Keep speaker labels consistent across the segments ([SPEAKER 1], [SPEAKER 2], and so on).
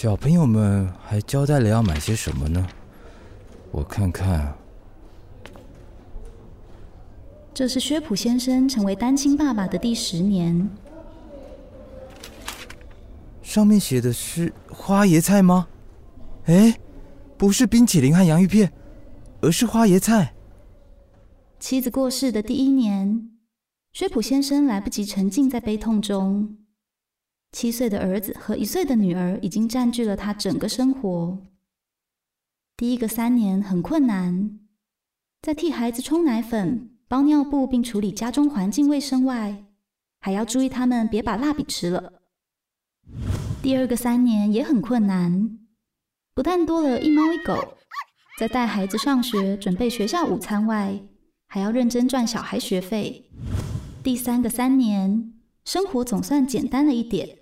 [SPEAKER 1] 小朋友們還交代了要買些什麼呢？我看看啊。
[SPEAKER 2] 這是薛普先生成為單親爸爸的第十年。
[SPEAKER 1] 上面寫的是花椰菜嗎？哎，不是冰淇淋和洋芋片，而是花椰菜。
[SPEAKER 2] 妻子過世的第一年，薛普先生來不及沉浸在悲痛中。七歲的兒子和一歲的女兒已經占據了他整個生活。第一個三年很困難，在替孩子沖奶粉、包尿布並處理家中環境衛生外，還要注意他們別把蠟筆吃了。第二個三年也很困難，不但多了一貓一狗，在帶孩子上學、準備學校午餐外，還要認真賺小孩學費。第三個三年，生活總算簡單了一點。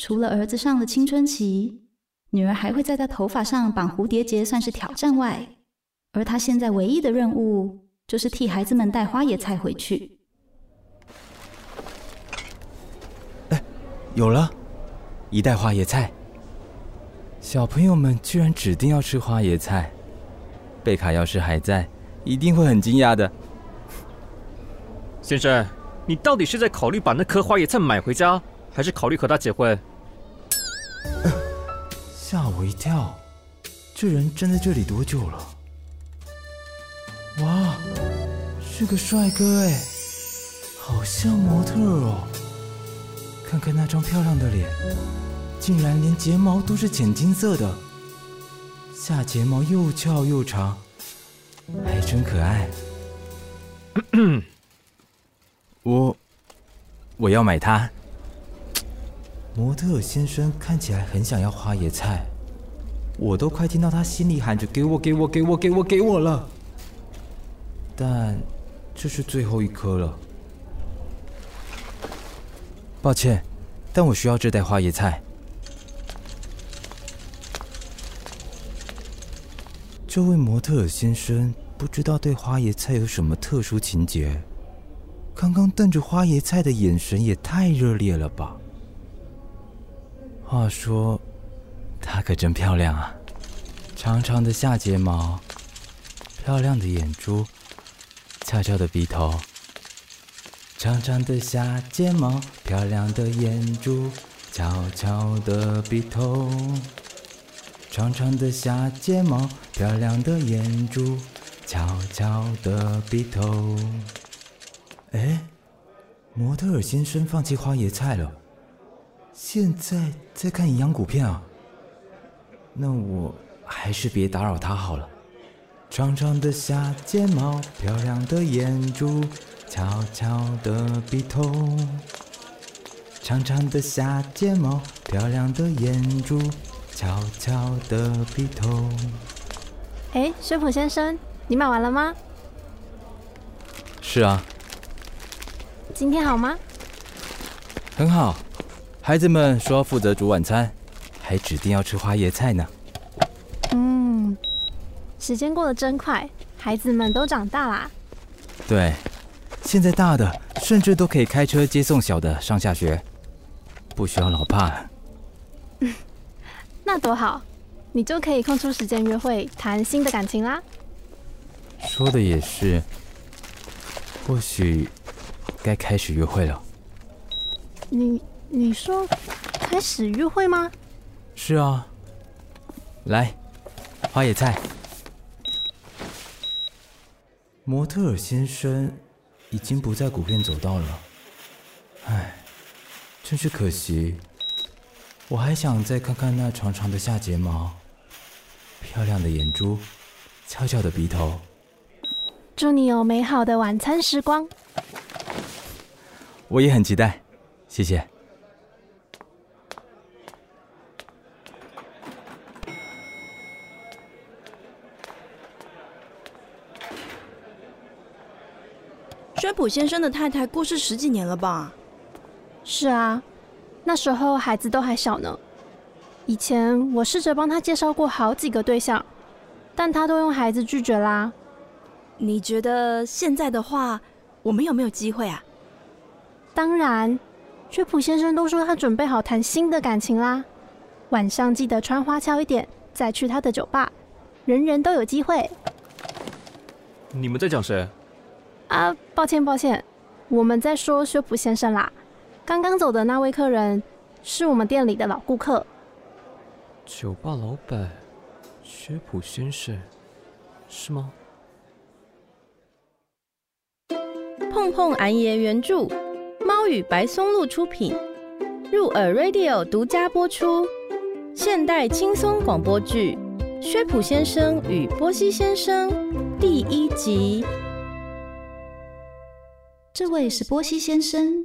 [SPEAKER 2] 除了兒子上了青春期，女兒還會在他頭髮上綁蝴蝶結算是挑戰外，而他現在唯一的任務就是替孩子們帶花椰菜回去。哎，
[SPEAKER 1] 有了，一袋花椰菜。小朋友們居然指定要吃花椰菜，
[SPEAKER 3] 貝卡要是還在，一定會很驚訝的。先生，你到底是在考慮把那顆花椰菜買回家，還是考慮和他結婚？
[SPEAKER 1] 呃、嚇我一跳！這人站在這裡多久了？哇，是個帥哥哎、欸，好像模特哦。看看那張漂亮的臉，竟然連睫毛都是淺金色的，下睫毛又翹又長，還真可愛。咳咳，我我要買它。模特兒先生看起來很想要花椰菜，我都快聽到他心裡喊着“給我，給我，給我，給我，給我”了。但這是最後一顆了，抱歉，但我需要這袋花椰菜。這位模特兒先生不知道對花椰菜有什麼特殊情結，剛剛瞪着花椰菜的眼神也太熱烈了吧？話說，她可真漂亮啊！長長的下睫毛，漂亮的眼珠，翹翹的鼻頭。長長的下睫毛，漂亮的眼珠，翹翹的鼻頭。長長的下睫毛，漂亮的眼珠，翹翹的鼻頭。哎，模特兒先生放棄花椰菜了。現在在看營養穀片啊，那我還是別打擾他好了。長長的下睫毛，漂亮的眼珠，悄悄的鼻頭。長長的下睫毛，漂亮的眼珠，悄悄的鼻頭。
[SPEAKER 4] 哎，薛普先生，你買完了嗎？
[SPEAKER 1] 是啊。
[SPEAKER 4] 今天好嗎？
[SPEAKER 1] 很好。孩子們說要負責煮晚餐，還指定要吃花椰菜呢。嗯，
[SPEAKER 4] 時間過得真快，孩子們都長大啦。
[SPEAKER 1] 對，現在大的甚至都可以開車接送小的上下學，不需要老爸。
[SPEAKER 4] 那多好，你就可以空出時間約會，談新的感情啦。
[SPEAKER 1] 說的也是，或許該開始約會了。
[SPEAKER 4] 你。你說開始約會嗎？
[SPEAKER 1] 是啊，來，花椰菜，模特兒先生已經不在古片走道了，哎，真是可惜。我還想再看看那長長的下睫毛，漂亮的眼珠，翹翹的鼻頭。
[SPEAKER 4] 祝你有美好的晚餐時光。
[SPEAKER 1] 我也很期待，謝謝。
[SPEAKER 4] 薛普先生的太太過世十幾年了吧？是啊，那時候孩子都還小呢。以前我試着幫他介紹過好幾個對象，但他都用孩子拒絕啦、啊。你覺得現在的話，我們有沒有機會啊？當然，薛普先生都說他準備好談新的感情啦。晚上記得穿花俏一點，再去他的酒吧，人人都有機會。
[SPEAKER 3] 你們在講誰？啊，uh,
[SPEAKER 4] 抱歉抱歉，我們在說薛普先生啦。剛剛走的那位客人，是我們店裡的老顧客。
[SPEAKER 3] 酒吧老闆，薛普先生，
[SPEAKER 1] 是嗎？
[SPEAKER 2] 碰
[SPEAKER 4] 碰俺爺原著，貓與白松露出品，入耳 Radio 獨家播出，現代輕鬆廣播劇《薛普先生與
[SPEAKER 2] 波希先生》第一集。這位是波希先生，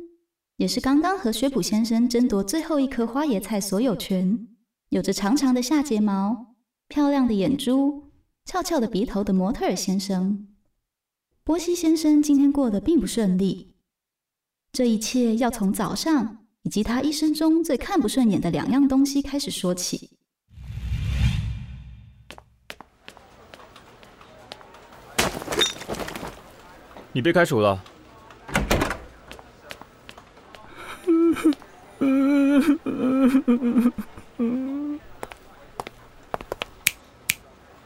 [SPEAKER 2] 也是剛剛和薛普先生爭奪最後一顆花椰菜所有權，有着長長的下睫毛、漂亮的眼珠、翹翹的鼻頭的模特兒先生。波希先生今天過得並不順利，這一切要從早上以及他一生中最看不順眼的兩樣東西開始說起。
[SPEAKER 3] 你被開除了。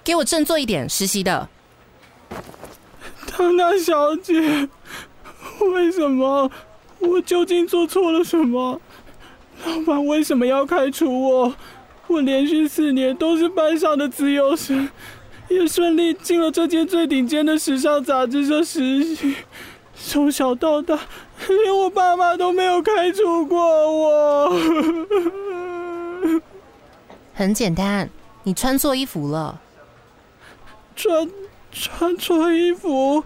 [SPEAKER 5] 給我振作一點，實習的。唐娜小姐，為什麼？我究竟做錯了什麼？老闆為什麼要開除我？我連續四年都是班上的資優生，也順利進了這間最頂尖的時尚雜誌社實習。從小到大，連我爸媽都沒有開除過我。 很簡單，你穿錯衣服了。穿穿錯衣服？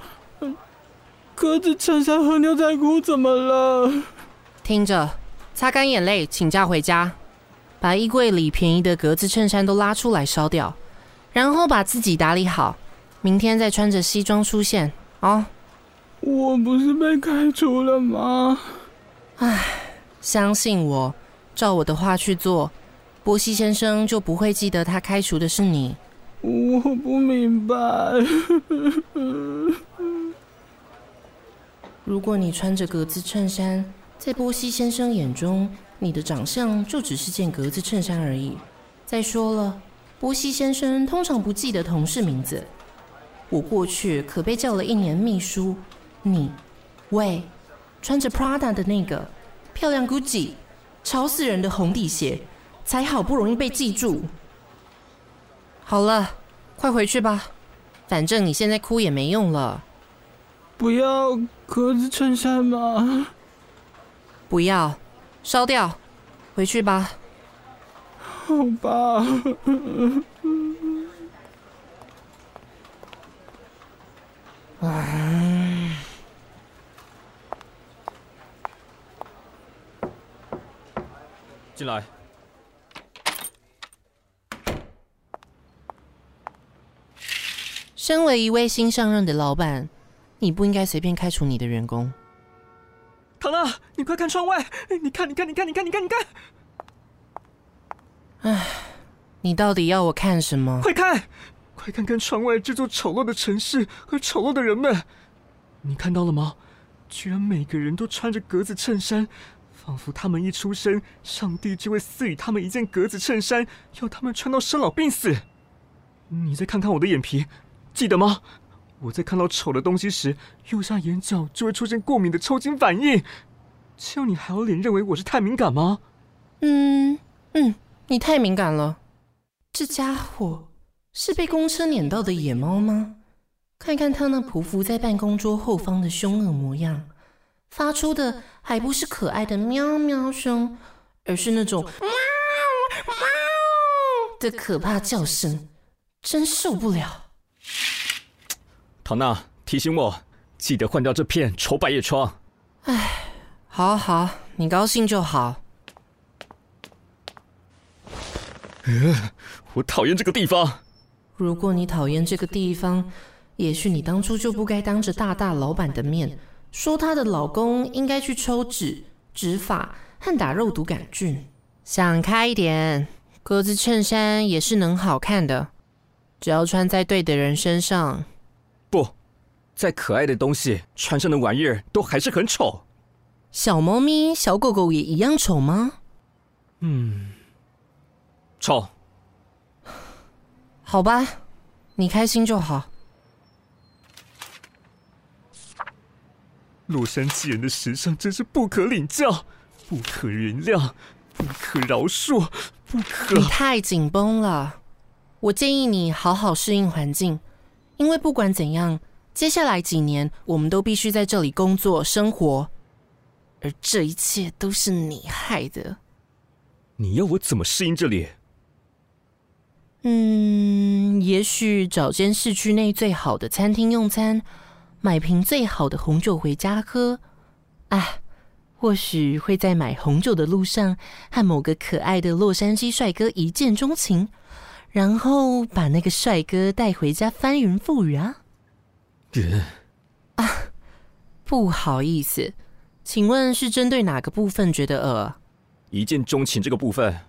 [SPEAKER 5] 格子襯衫和牛仔褲怎麼了？聽着，擦乾眼淚，請假回家，把衣櫃裡便宜的格子襯衫都拉出來燒掉，然後把自己打理好，明天再穿着西裝出現啊。哦我不是被開除了嗎？唉，相信我，照我的話去做，波希先生就不會記得他開除的是你。我不明白。 如果你穿着格子襯衫，在波希先生眼中，你的長相就只是件格子襯衫而已。再說了，波希先生通常不記得同事名字。我過去可被叫了一年秘書。你，喂，穿着 Prada 的那個漂亮 Gucci，吵死人的紅底鞋，才好不容易被記住。好了，快回去吧，反正你現在哭也沒用了。不要格子襯衫嗎？不要，燒掉，回去吧。好吧。哎、 啊。進來。身為一位新上任的老板，你不應該隨便開除你的員工。
[SPEAKER 3] 唐娜，你快看窗外！你看，你看，你看，你看，你看，你看！
[SPEAKER 5] 哎，你到底要我看什麼？看什麼？快
[SPEAKER 3] 看，快看看窗外這座醜陋的城市和醜陋的人們。你看到了嗎？居然每個人都穿着格子襯衫。仿佛他們一出生，上帝就會賜予他們一件格子襯衫，要他們穿到生老病死。你再看看我的眼皮，記得嗎？我在看到醜的東西時，右下眼角就會出現過
[SPEAKER 5] 敏的抽筋反應。這樣你還有臉認為我是太敏感嗎？嗯嗯，你太敏感了。這家伙是被公車碾到的野貓嗎？看看他那匍匐在辦公桌後方的凶惡模樣。發出的還不是可愛的喵喵聲，而是那種喵喵的可怕叫聲，真受不了。
[SPEAKER 3] 唐娜提醒我，記得換掉這片醜百葉窗。
[SPEAKER 5] 唉，好好，你高興就好。嗯、
[SPEAKER 3] 呃，我討厭這個地方。
[SPEAKER 5] 如果你討厭這個地方，也許你當初就不該當着大大老闆的面。說她的老公應該去抽脂、植髮和打肉毒桿菌。想開一點，格子襯衫也是能好看的，只要穿在對的人身上。
[SPEAKER 3] 不，再可愛的東西穿上的玩意兒都還是很醜。
[SPEAKER 5] 小貓咪、小狗狗也一樣醜嗎？嗯，
[SPEAKER 3] 醜。
[SPEAKER 5] 好吧，你開心就好。
[SPEAKER 3] 洛杉磯人的時尚真是不可領教、不可原諒、不可饒
[SPEAKER 5] 恕、不可……你太緊繃了。我建議你好好適應環境，因為不管怎樣，接下來幾年我們都必須在這裡工作、生活，而這一切都是你害的。
[SPEAKER 3] 你要我怎麼適應這裡？嗯，
[SPEAKER 5] 也許找間市區內最好的餐廳用餐。買瓶最好的紅酒回家喝，啊，或許會在買紅酒的路上和某個可愛的洛杉磯帥哥一見鍾情，然後把那個帥哥帶回家翻雲覆雨啊。嗯、啊，不好意思，請問是針對哪個部分覺得惡、呃？
[SPEAKER 3] 一見鍾情這個部分。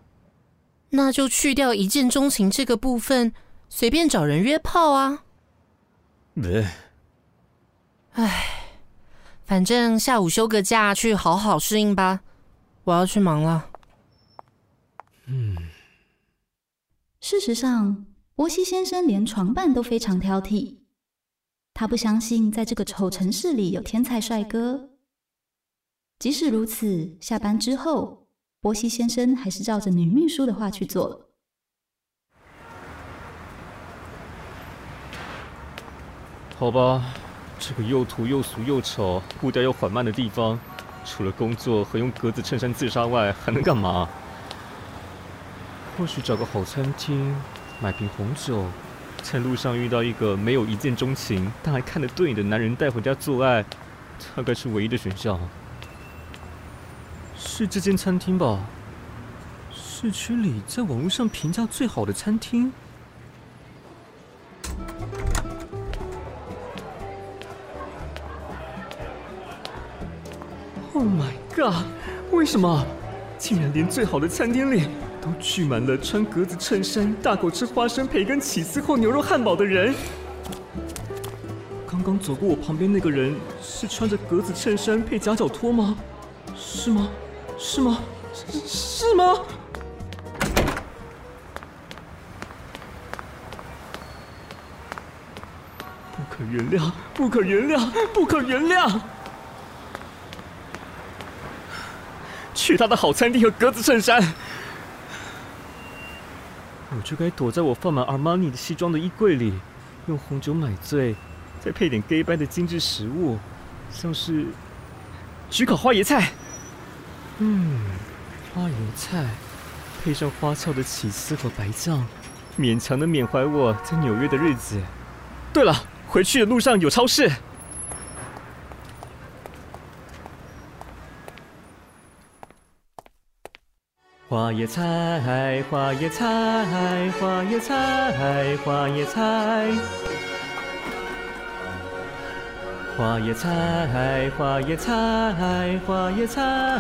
[SPEAKER 5] 那就去掉一見鍾情這個部分，隨便找人約炮啊。嗯唉，反正下午休個假去好好適應吧。我要去忙了。嗯，
[SPEAKER 2] 事實上，波希先生連床伴都非常挑剔，他不相信在這個醜城市裡有天才帥哥。即使如此，下班之後，波希先生還是照着女秘書的話去做。
[SPEAKER 3] 好吧。這個又土又俗又醜、步調又緩慢的地方，除了工作和用格子襯衫自殺外，還能幹嘛？或許找個好餐廳，買瓶紅酒，在路上遇到一個沒有一見鍾情但還看得對眼的男人帶回家做愛，大概是唯一的選項。是這間餐廳吧？市區裡在網絡上評價最好的餐廳。Oh my god！為什麼，竟然連最好的餐廳裡都聚滿了穿格子襯衫、大口吃花生培根起司或牛肉漢堡的人？剛剛走過我旁邊那個人是穿着格子襯衫配夾腳拖嗎？是嗎？是嗎是？是嗎？不可原諒！不可原諒！不可原諒！去他的好餐廳和格子襯衫，我就該躲在我放滿 Armani 的西裝的衣櫃裡，用紅酒買醉，再配點 gay 般的精緻食物，像是焗烤花椰菜。嗯，花椰菜配上花俏的起司和白醬，勉強的緬懷我在紐約的日子。對了，回去的路上有超市。花椰菜，花椰菜，花椰菜，花椰菜。花椰菜，花椰菜，花椰菜，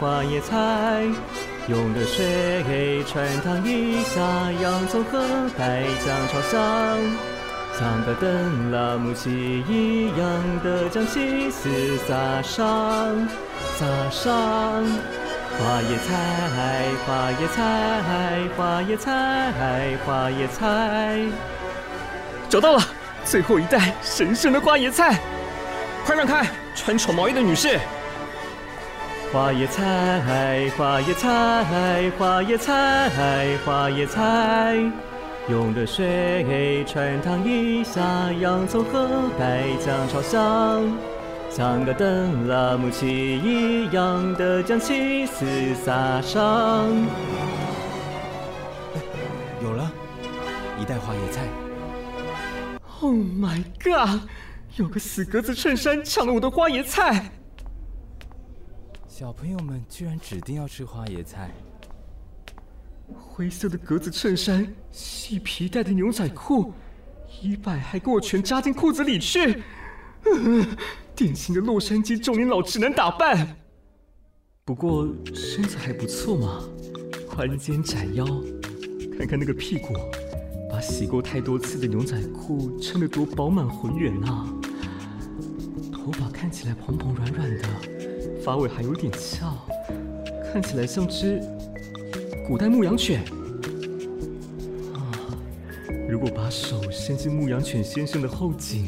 [SPEAKER 3] 花椰菜，菜。用熱水汆燙一下洋蔥和海醬，炒香，像個登辣木雞一樣的將青絲撒上，撒上。花椰菜，花椰菜，花椰菜，花椰菜，找到了，最後一袋神聖的花椰菜，快讓開，穿醜毛衣的女士。花椰菜，花椰菜，花椰菜，花椰菜，用熱水汆燙一下，洋蔥和白醬炒香。像個登拉姆奇一樣的將氣勢撒上。哎，有了，一袋花椰菜。Oh my god！有個死格子襯衫搶了我的花椰菜。
[SPEAKER 1] 小朋友們居然指定要吃花椰菜。
[SPEAKER 3] 灰色的格子襯衫，細皮帶的牛仔褲，衣擺還給我全扎進褲子裡去。呵呵典型的洛杉磯中年老直男打扮，不過身材還不錯嘛，寬肩窄腰，看看那個屁股，把洗過太多次的牛仔褲撐得多飽滿渾圓啊！頭髮看起來蓬蓬軟軟的，髮尾還有點翹，看起來像只古代牧羊犬啊！如果把手伸進牧羊犬先生的後頸……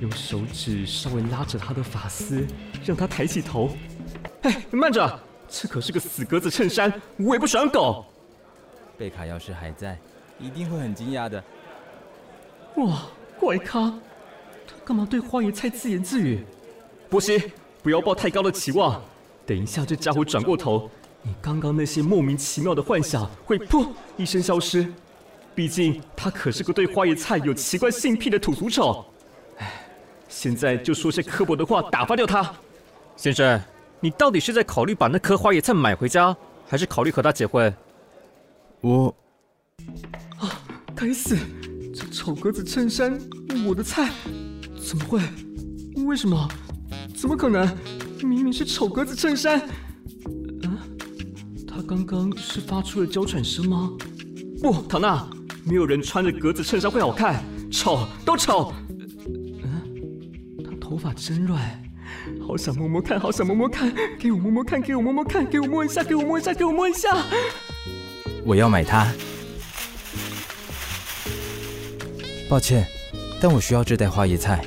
[SPEAKER 3] 用手指稍微拉着他的髮絲，讓他抬起頭。哎，慢着，這可是個死格子襯衫，我也不爽狗。貝卡要是還在，一定會很驚訝的。哇，怪咖，他幹嘛對花椰菜自言自語？波希，不要抱太高的期望。等一下這家伙轉過頭，你剛剛那些莫名其妙的幻想會噗一聲消失。畢竟他可是個對花椰菜有奇怪性癖的土俗醜。現在就說些刻薄的話打發掉他，先生，你到底是在考慮把那棵花椰菜買回家，還是考慮和他結婚？我、哦……啊，該死！這醜格子襯衫，我的菜，怎麼會？為什麼？怎麼可能？明明是醜格子襯衫。嗯，他剛剛是發出了嬌喘聲嗎？不、哦，唐娜，沒有人穿着格子襯衫會好看，醜都醜。頭髮真亂，好想摸摸看，好想摸摸看，給我摸摸看，給我摸摸看，給我摸摸看，給我摸一下，給我摸一下，給我摸一下。
[SPEAKER 1] 我要買它。抱歉，但我需要這袋花椰菜。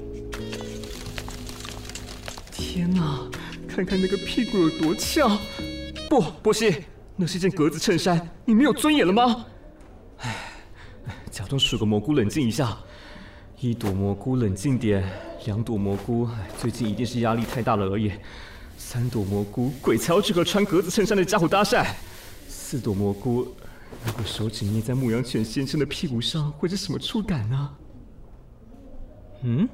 [SPEAKER 3] 天哪，看看那個屁股有多翹！不，波希，那是一件格子襯衫，你沒有尊嚴了嗎？唉，假裝數個蘑菇冷靜一下，一朵蘑菇冷靜點。兩朵蘑菇，最近一定是壓力太大了而已。三朵蘑菇，鬼才要去和穿格子襯衫的傢伙搭訕。四朵蘑菇，如果手指捏在牧羊犬先生的屁股上，會是什麼觸感呢？嗯，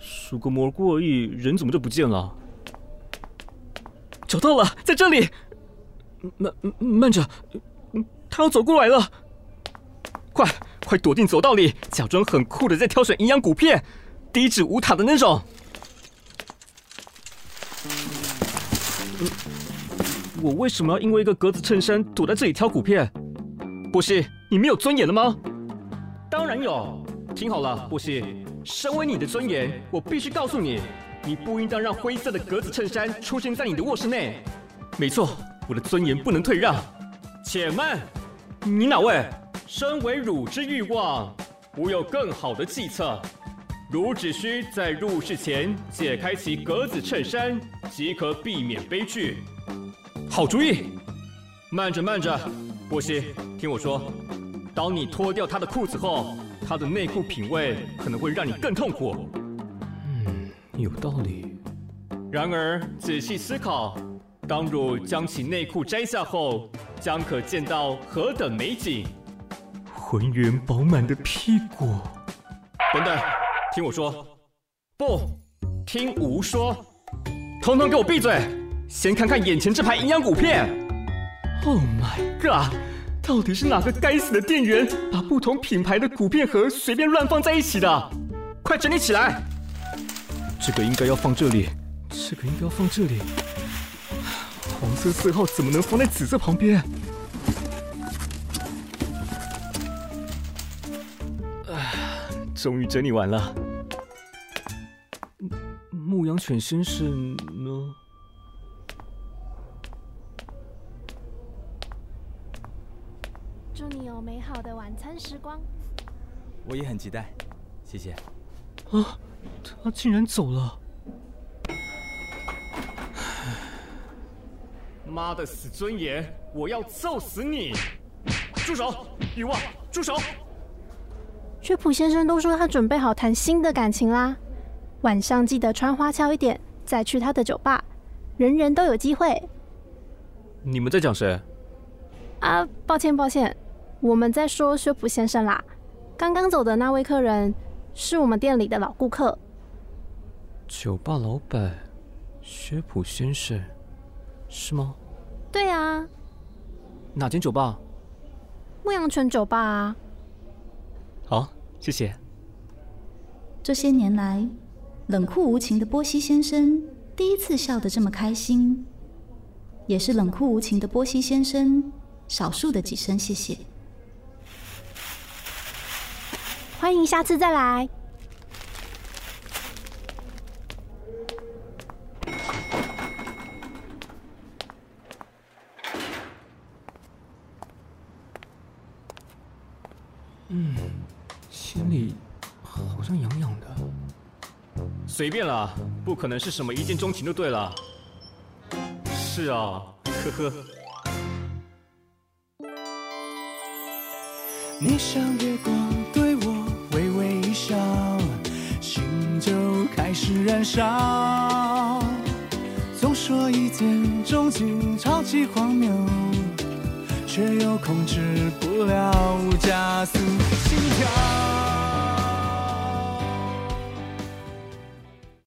[SPEAKER 3] 數個蘑菇而已，人怎麼就不見了？找到了，在這裡。慢，慢着，他要走過來了。快，快躲進走道裡，假裝很酷的在挑選營養穀片。低脂無糖的那種，嗯。我為什麼要因為一個格子襯衫躲在這裡挑骨片？波希，你沒有尊嚴了嗎？當然有。聽好了，波希，身為你的尊嚴，我必須告訴你，你不應當讓灰色的格子襯衫出現在你的臥室內。沒錯，我的尊嚴不能退讓。且慢，你哪位？身為汝之欲望，我有更好的計策。汝只需在入室前解開其格子襯衫，即可避免悲劇。好主意。慢着，慢着，波西，聽我說。當你脫掉他的褲子後，他的內褲品味可能會讓你更痛苦。嗯，有道理。然而，仔細思考，當汝將其內褲摘下後，將可見到何等美景。渾圓飽滿的屁股。等等。聽我說，不聽吾說，統統給我閉嘴！先看看眼前這排營養穀片。Oh my god！到底是哪個該死的店員把不同品牌的穀片盒隨便亂放在一起的？快整理起來！這個應該要放這裡，這個應該要放這裡。黃色色號怎麼能放在紫色旁邊？終於整理完了。牧羊犬先生呢？
[SPEAKER 4] 祝你有美好的晚餐時光。
[SPEAKER 1] 我也很期待，謝謝。
[SPEAKER 3] 啊！他竟然走了！媽的，死尊嚴！我要揍死你！住手，宇望！住手！
[SPEAKER 4] 薛普先生都說他準備好談新的感情啦，晚上記得穿花俏一點，再去他的酒吧，人人都有機會。
[SPEAKER 3] 你們在講誰？啊，
[SPEAKER 4] 抱歉抱歉，我們在說薛普先生啦。剛剛走的那位客人是我們店裡的老顧客。
[SPEAKER 3] 酒吧老闆，薛普先生，是嗎？
[SPEAKER 4] 對啊。
[SPEAKER 3] 哪間酒吧？
[SPEAKER 2] 牧羊村酒吧。啊。
[SPEAKER 3] 好，謝謝。
[SPEAKER 2] 這些年來，冷酷無情的波西先生第一次笑得這麼開心，也是冷酷無情的波西先生少數的幾聲謝謝。歡迎下次再來。
[SPEAKER 3] 嗯，心裡好像癢癢的。隨便了，不可能是什麼一見鍾情就對了。是啊，呵呵。
[SPEAKER 1] 你像月光對我微微一笑，心就開始燃燒。總說一見鍾情超級荒謬。卻又控制不了加速心跳。